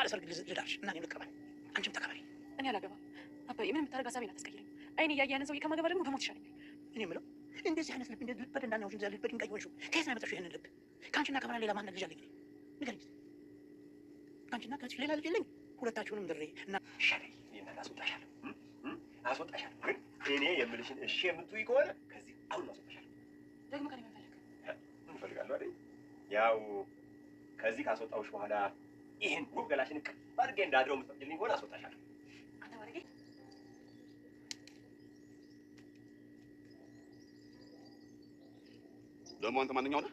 ማለት ሰርግ ልዳርሽ እና እኔም ልቀበል፣ አንቺም ተቀበል። እኔ አላገባም አባዬ። ምንም የምታደርግ ሀሳቤ ናት። አይኔ እያየ ያንን ሰውዬ ከማገባ ደግሞ በሞት ይሻለኛል። እኔ የምለው እንደዚህ አይነት ልብ ልብ በደንዳና ሆሽ ልብ በድንጋይ ሆንሽ ከየት ነው ያመጣሽው? ይህንን ልብ ከአንቺና ከመላ ሌላ ማን ልጅ አለኝ? ንገሪኝ። ከአንቺና ከአንቺ ሌላ ልጅ የለኝ። ሁለታችሁንም ድሬ እና ይሻለኝ። አስወጣሻለሁ፣ አስወጣሻለሁ። ግን እኔ የምልሽን እሺ የምትውይ ከሆነ ከዚህ አሁን አስወጣሻለሁ። ደግሞ ከእኔ ምን ፈልግ ምን ፈልጋለሁ አይደል? ያው ከዚህ ካስወጣሁሽ በኋላ ይህን ውብ ገላሽን እቅፍ አድርጌ እንዳድረው የምትፈቅጂልኝ ከሆነ አስወጣሻለሁ። ደግሞ አንተ ማንኛው ነህ?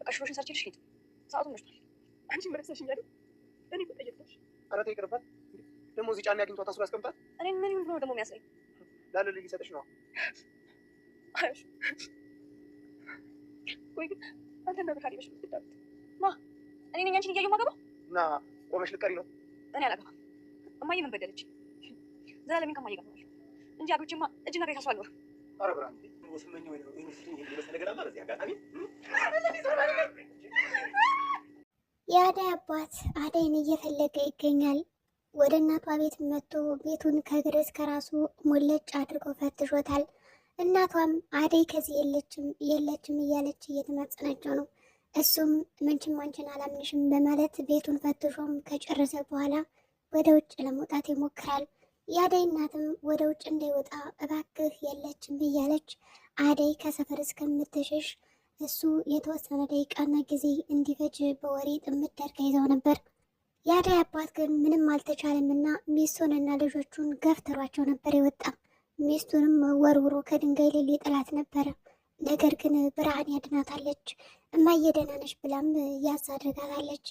በቃ ሽሮሽን ሰርቼልሽ ሂድ። ሰዓቱ መሽቷል። አይደል? እኔ እኮ ጠየቅኩሽ። ኧረ ተይ ይቅርባት። ደግሞ እዚህ አግኝቷት አስሮ ያስቀምጣል። እኔ ምን ነው ደግሞ የሚያስለኝ? ላለ ልጅ ይሰጥሽ አይሽ ወይ ግን አንተ ማ እኔ ነኝ አንቺን እያየሁ እና ቆመሽ ልቀሪ ነው? እኔ አላገባም። እማዬ ምን በደለች? ዘላለሜን ከማዬ ጋር ነው እንጂ አዶችማ እጅ ነገር ታሷል ነው። ኧረ ብርሃን ስመኝ ወይ ነው ነገር አለ በዚህ አጋጣሚ የአደይ አባት አደይን እየፈለገ ይገኛል። ወደ እናቷ ቤት መጥቶ ቤቱን ከእግር እስከ ራሱ ሞለጭ አድርጎ ፈትሾታል። እናቷም አደይ ከዚህ የለችም የለችም እያለች እየተማጸነችው ነው። እሱም ምንችም አንችን አላምንሽም በማለት ቤቱን ፈትሾም ከጨረሰ በኋላ ወደ ውጭ ለመውጣት ይሞክራል። የአደይ እናትም ወደ ውጭ እንዳይወጣ እባክህ የለችም እያለች አደይ ከሰፈር እስከምትሸሽ እሱ የተወሰነ ደቂቃና ጊዜ እንዲፈጅ በወሬ ጥምት ደርጋ ይዘው ነበር። የአደይ አባት ግን ምንም አልተቻለምና ሚስቱንና ልጆቹን ገፍትሯቸው ነበር የወጣ ሚስቱንም ወርውሮ ከድንጋይ ሌሌ ጥላት ነበረ። ነገር ግን ብርሃን ያድናታለች። እማዬ ደህና ነሽ ብላም ያዝ አድርጋታለች።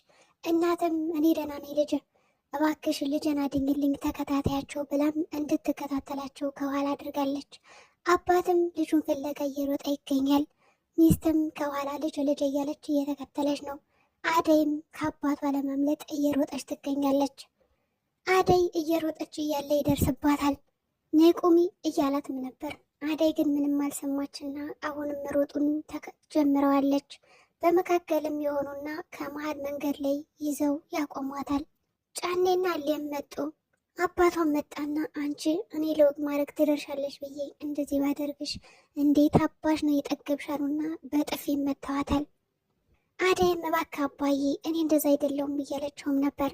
እናትም እኔ ደህና ነኝ ልጅ፣ እባክሽ ልጅን አድኝልኝ ተከታታያቸው ብላም እንድትከታተላቸው ከኋላ አድርጋለች። አባትም ልጁን ፍለጋ እየሮጠ ይገኛል። ሚስትም ከኋላ ልጅ ልጅ እያለች እየተከተለች ነው። አደይም ከአባቷ ለማምለጥ እየሮጠች ትገኛለች። አደይ እየሮጠች እያለ ይደርስባታል። ነይ ቁሚ እያላትም ነበር። አደይ ግን ምንም አልሰማችና አሁንም ሮጡን ጀምረዋለች። በመካከልም የሆኑና ከመሀል መንገድ ላይ ይዘው ያቆሟታል። ጫኔና ሊም መጡ። አባቷን መጣና አንቺ እኔ ለውጥ ማድረግ ትደርሻለሽ ብዬ እንደዚህ ባደርግሽ እንዴት አባሽ ነው የጠገብሻሉና በጥፊ መተዋታል። አደይም እባክህ አባዬ እኔ እንደዛ አይደለውም እያለችውም ነበር።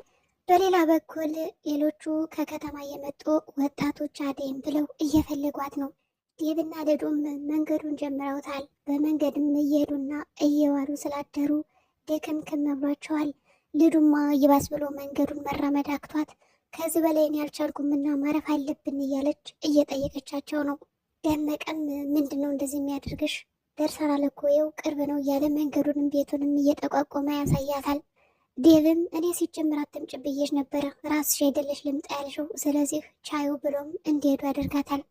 በሌላ በኩል ሌሎቹ ከከተማ የመጡ ወጣቶች አደይም ብለው እየፈለጓት ነው። ዴብና ለዶም መንገዱን ጀምረውታል። በመንገድም እየሄዱና እየዋሉ ስላደሩ ክም ብሏቸዋል። ልዱማ ይባስ ብሎ መንገዱን መራመድ አክቷት ከዚህ በላይ እኔ አልቻልኩምና ማረፍ አለብን እያለች እየጠየቀቻቸው ነው። ደመቀም ምንድን ነው እንደዚህ የሚያደርግሽ ደርሰናል እኮ ይኸው ቅርብ ነው እያለ መንገዱንም ቤቱንም እየጠቋቆመ ያሳያታል። ዴብም እኔ ሲጀምር አትምጭ ብዬሽ ነበረ ራስሽ አይደለሽ ልምጣ ያልሽው፣ ስለዚህ ቻዩ ብሎም እንዲሄዱ ያደርጋታል።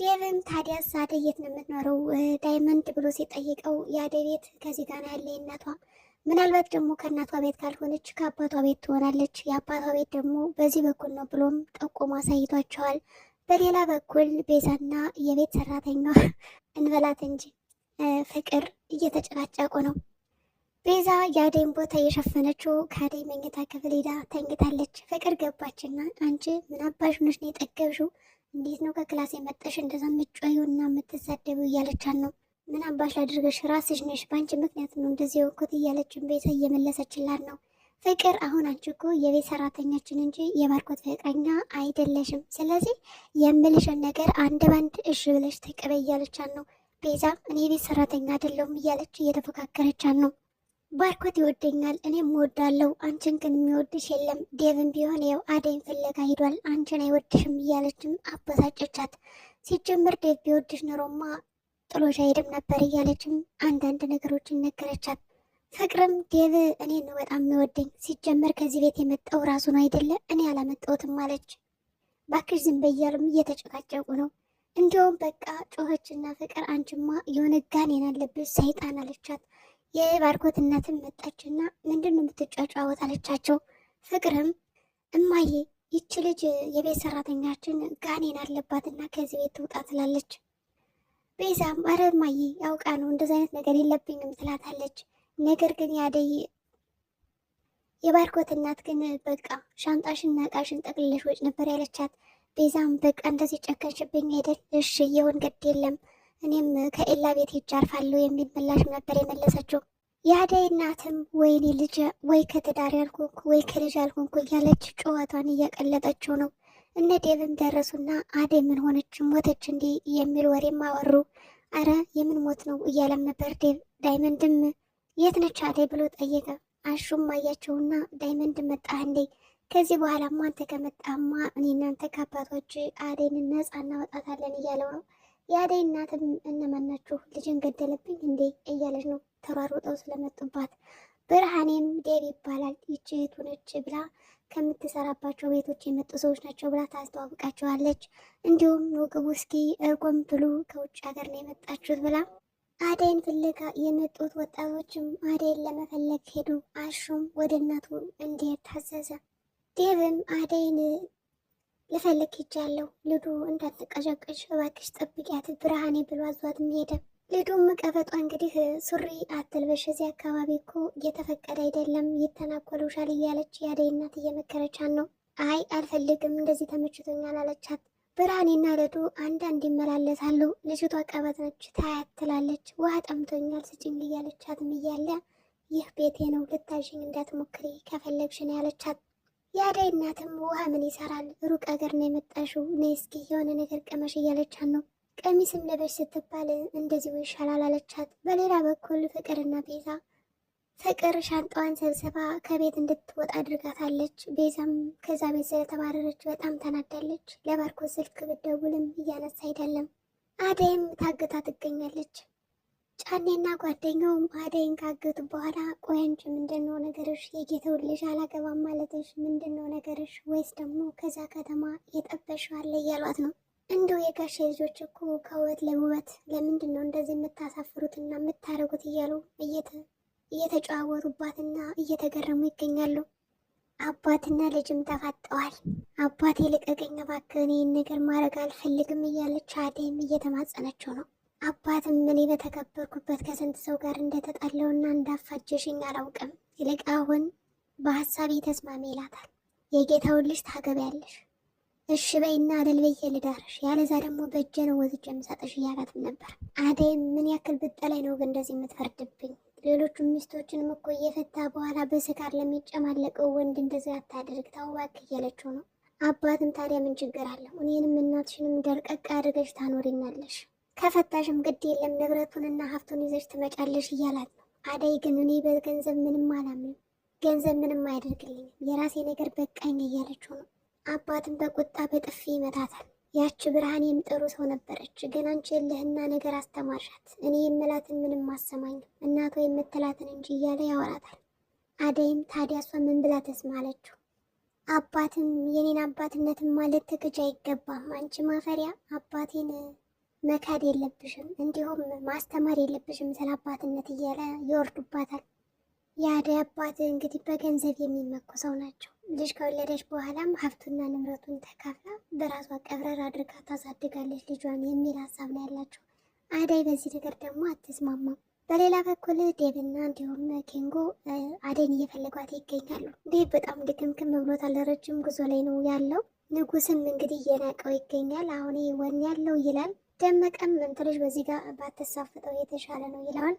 ዴቭም ታዲያ እዛ አደይ የት ነው የምትኖረው ዳይመንድ ብሎ ሲጠይቀው የአደይ ቤት ከዚህ ጋር ያለ እናቷ ምናልባት ደግሞ ከእናቷ ቤት ካልሆነች ከአባቷ ቤት ትሆናለች። የአባቷ ቤት ደግሞ በዚህ በኩል ነው ብሎም ጠቁሞ አሳይቷቸዋል። በሌላ በኩል ቤዛና የቤት ሰራተኛ እንበላት እንጂ ፍቅር እየተጨቃጨቁ ነው። ቤዛ የአደይን ቦታ እየሸፈነችው ከአደይ መኝታ ክፍል ሄዳ ተኝታለች። ፍቅር ገባችና አንቺ ምናባሽ ነሽ ነው የጠገብሽው እንዴት ነው ከክላስ የመጣሽ እንደዛ ምጫዩና የምትሳደቢው እያለቻት ነው። ምን አባሽ አድርገሽ ራስሽ ነሽ፣ በአንቺ ምክንያት ነው እንደዚህ ወኩት እያለችን ቤዛ እየመለሰችላት ነው። ፍቅር አሁን አንቺ እኮ የቤት ሰራተኛችን እንጂ የማርኮት ፍቅረኛ አይደለሽም። ስለዚህ የምልሽን ነገር አንድ ባንድ እሺ ብለሽ ተቀበይ እያለቻት ነው። ቤዛ እኔ የቤት ሰራተኛ አይደለሁም እያለች እየተፎካከረቻት ነው። ባርኮት ይወደኛል፣ እኔም ወዳለው አንቺን ግን የሚወድሽ የለም። ዴቭን ቢሆን ያው አደይን ፍለጋ ሂዷል፣ አንቺን አይወድሽም እያለችም አበሳጨቻት። ሲጀምር ዴቭ ቢወድሽ ኖሮማ ጥሎሽ አይሄድም ነበር እያለችም አንዳንድ ነገሮችን ነገረቻት። ፍቅርም ዴቭ እኔን ነው በጣም የሚወደኝ፣ ሲጀምር ከዚህ ቤት የመጣው ራሱ ነው አይደለ፣ እኔ አላመጣሁትም አለች። ባክሽ ዝም በይ እያሉም እየተጨቃጨቁ ነው። እንዲሁም በቃ ጮኸችና ፍቅር አንቺማ የሆነ ጋኔን አለብሽ ሰይጣን አለቻት። የባርኮት እናትም መጣችና ምንድን ነው የምትጫጫወት አለቻቸው። ፍቅርም እማዬ ይቺ ልጅ የቤት ሰራተኛችን ጋኔን አለባትና ከዚህ ቤት ትውጣ ትላለች። ቤዛም አረ እማዬ ያውቃ ነው እንደዚ አይነት ነገር የለብኝም ትላታለች። ነገር ግን ያደይ የባርኮት እናት ግን በቃ ሻንጣሽና ዕቃሽን ጠቅልለሽ ወጭ ነበር ያለቻት። ቤዛም በቃ እንደዚህ ጨከንሽብኝ አይደል? እሺ የሆን ገድ የለም እኔም ከኤላ ቤት ሄጄ አርፋለሁ የሚል ምላሽ ነበር የመለሰችው። የአደይ እናትም ወይኔ ልጅ ወይ ከትዳር ያልሆንኩ ወይ ከልጅ ያልሆንኩ እያለች ጨዋቷን እያቀለጠችው ነው። እነ ዴብም ደረሱና አደይ ምን ሆነች ሞተች እንዲህ የሚል ወሬም አወሩ። አረ የምን ሞት ነው እያለም ነበር ዴብ። ዳይመንድም የት ነች አደይ ብሎ ጠየቀ። አሹም አያቸውና ዳይመንድ መጣህ እንዴ? ከዚህ በኋላማ አንተ ከመጣማ እኔ እናንተ ከአባቶች አደይን ነፃ እናወጣታለን እያለው ነው። የአደይ እናትም እነማናችሁ ልጅን ገደለብኝ እንዴ እያለች ነው። ተሯሩጠው ስለመጡባት ብርሃኔም ዴብ ይባላል ይቺ ነች ብላ ከምትሰራባቸው ቤቶች የመጡ ሰዎች ናቸው ብላ ታስተዋውቃቸዋለች። እንዲሁም ምግቡ እስኪ እርጎም ብሉ ከውጭ ሀገር ነው የመጣችሁት ብላ አደይን ፍለጋ የመጡት ወጣቶችም አደይን ለመፈለግ ሄዱ። አሹም ወደ እናቱ እንዲሄድ ታዘዘ። ዴብም አደይን ልፈልግ ሂጃለሁ። ልዱ እንዳትቀዠቅዥ እባክሽ ጠብቂያት ብርሃኔ ብሎ አዟት ሄደ። ልዱም ቀበጧ እንግዲህ ሱሪ አትልበሽ እዚህ አካባቢ እኮ እየተፈቀደ አይደለም ይተናኮሉሻል እያለች ያደይ እናት እየመከረቻን ነው። አይ አልፈልግም እንደዚህ ተመችቶኛል አለቻት። ብርሃኔና ልዱ አንዳንድ ይመላለሳሉ። ልጅቷ ቀበጥ ነች ታያት ትላለች። ውሃ ጠምቶኛል ስጭኝ እያለቻትም እያለ ይህ ቤቴ ነው ልታዥኝ እንዳትሞክሪ ከፈለግሽን ያለቻት። የአደይ እናትም ውሃ ምን ይሰራል ሩቅ አገር ነው የመጣሽው፣ ነይ እስኪ የሆነ ነገር ቀመሽ እያለቻት ነው። ቀሚስም ለበሽ ስትባል እንደዚሁ ይሻላል አለቻት። በሌላ በኩል ፍቅርና ቤዛ ፍቅር ሻንጣዋን ሰብስባ ከቤት እንድትወጣ አድርጋታለች። ቤዛም ከዛ ቤት ስለተባረረች በጣም ተናዳለች። ለባርኮ ስልክ ብደውልም እያነሳ አይደለም። አደይም ታግታ ትገኛለች። ጫኔና ጓደኛው አደይን ካገቱ በኋላ ቆይ አንቺ ምንድነው ነገርሽ? የጌተውን ልጅ አላገባም ማለትሽ ምንድነው ነገርሽ? ወይስ ደግሞ ከዛ ከተማ የጠበሽው አለ እያሏት ነው። እንደው የጋሼ ልጆች እኮ ከውበት ለውበት ለምንድን ነው እንደዚህ የምታሳፍሩትና የምታደርጉት እያሉ እየተጨዋወሩባትና እየተገረሙ ይገኛሉ። አባትና ልጅም ተፋጠዋል። አባቴ ልቀቀኝ እባክህ፣ እኔን ነገር ማድረግ አልፈልግም እያለች አደይም እየተማጸነችው ነው። አባትም እኔ በተከበርኩበት ከስንት ሰው ጋር እንደተጣለውና እንዳፋጀሽኝ አላውቅም። ይልቅ አሁን በሀሳቤ ተስማሚ ይላታል። የጌታውን ልጅ ታገቢያለሽ፣ እሺ በይና አደል በየ ልዳርሽ፣ ያለዛ ደግሞ በእጄ ነው ወዝጄ የምሰጥሽ እያላትም ነበር። አደይም ምን ያክል ብጠላይ ነው ግን እንደዚህ የምትፈርድብኝ? ሌሎቹ ሚስቶችንም እኮ እየፈታ በኋላ በስካር ለሚጨማለቀው ወንድ እንደዚህ አታድርግ፣ ተው እባክህ እያለችው ነው። አባትም ታዲያ ምን ችግር አለው? እኔንም እናትሽንም ደርቀቅ አድርገሽ ታኖሪናለሽ ከፈታሽም ግድ የለም ንብረቱንና ሀብቱን ይዘሽ ትመጫለሽ እያላት ነው። አደይ ግን እኔ በገንዘብ ምንም አላምንም፣ ገንዘብ ምንም አያደርግልኝም፣ የራሴ ነገር በቃኝ እያለችው ነው። አባትም በቁጣ በጥፊ ይመታታል። ያቺ ብርሃን የምጥሩ ሰው ነበረች፣ ግን አንቺ የለህና ነገር አስተማርሻት፣ እኔ የምላትን ምንም አሰማኝም እናቶ የምትላትን እንጂ እያለ ያወራታል። አደይም ታዲያ እሷ ምን ብላ ተስማለችው? አባትም የኔን አባትነትማ ልትክጅ አይገባም አንቺ ማፈሪያ አባቴን መካድ የለብሽም እንዲሁም ማስተማር የለብሽም ስለ አባትነት እያለ ይወርዱባታል። የአደይ አባት እንግዲህ በገንዘብ የሚመኩ ሰው ናቸው። ልጅ ከወለደች በኋላም ሀብቱና ንብረቱን ተካፍላ በራሷ ቀብረር አድርጋ ታሳድጋለች ልጇን የሚል ሀሳብ ነው ያላቸው። አደይ በዚህ ነገር ደግሞ አትስማማም። በሌላ በኩል ዴቭና እንዲሁም ኬንጎ አደይን እየፈለጓት ይገኛሉ። ዴቭ በጣም ድክምክም ብሎታል። ረጅም ጉዞ ላይ ነው ያለው። ንጉስም እንግዲህ እየናቀው ይገኛል። አሁን ወን ያለው ይላል ደመቀም እንትልሽ በዚህ ጋር ባትሳፍጠው የተሻለ ነው ይለዋል።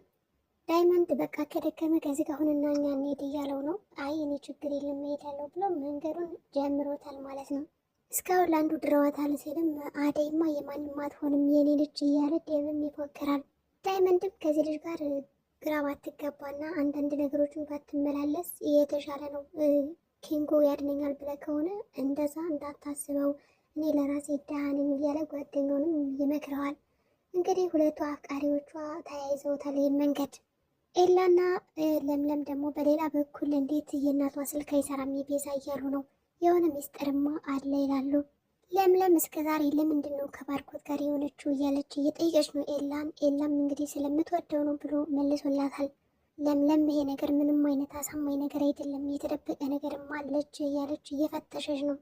ዳይመንድ በቃ ከደከመ ከዚህ ጋር ሁንና እኛ እንሄድ እያለው ነው። አይ እኔ ችግር የለም እሄዳለሁ ብሎ መንገዱን ጀምሮታል ማለት ነው። እስካሁን ለአንዱ ድረዋታል ሲልም አደይማ የማንም አትሆንም የኔ ልጅ እያለ ደብም ይፎክራል። ዳይመንድም ከዚህ ልጅ ጋር ግራ ባትገባና አንዳንድ ነገሮችን ባትመላለስ የተሻለ ነው። ኪንጎ ያድነኛል ብለህ ከሆነ እንደዛ እንዳታስበው እኔ ለራሴ ድሃ እያለ ጓደኛውንም ይመክረዋል። እንግዲህ ሁለቱ አፍቃሪዎቿ ተያይዘውታል ይህን መንገድ። ኤላና ለምለም ደግሞ በሌላ በኩል እንዴት የእናቷ ስልክ አይሰራም የቤዛ እያሉ ነው። የሆነ ሚስጥርማ አለ ይላሉ። ለምለም እስከ ዛሬ ለምንድን ነው ከባርኮት ጋር የሆነችው እያለች እየጠየቀች ነው ኤላን። ኤላም እንግዲህ ስለምትወደው ነው ብሎ መልሶላታል። ለምለም ይሄ ነገር ምንም አይነት አሳማኝ ነገር አይደለም፣ የተደበቀ ነገርም አለች እያለች እየፈተሸች ነው።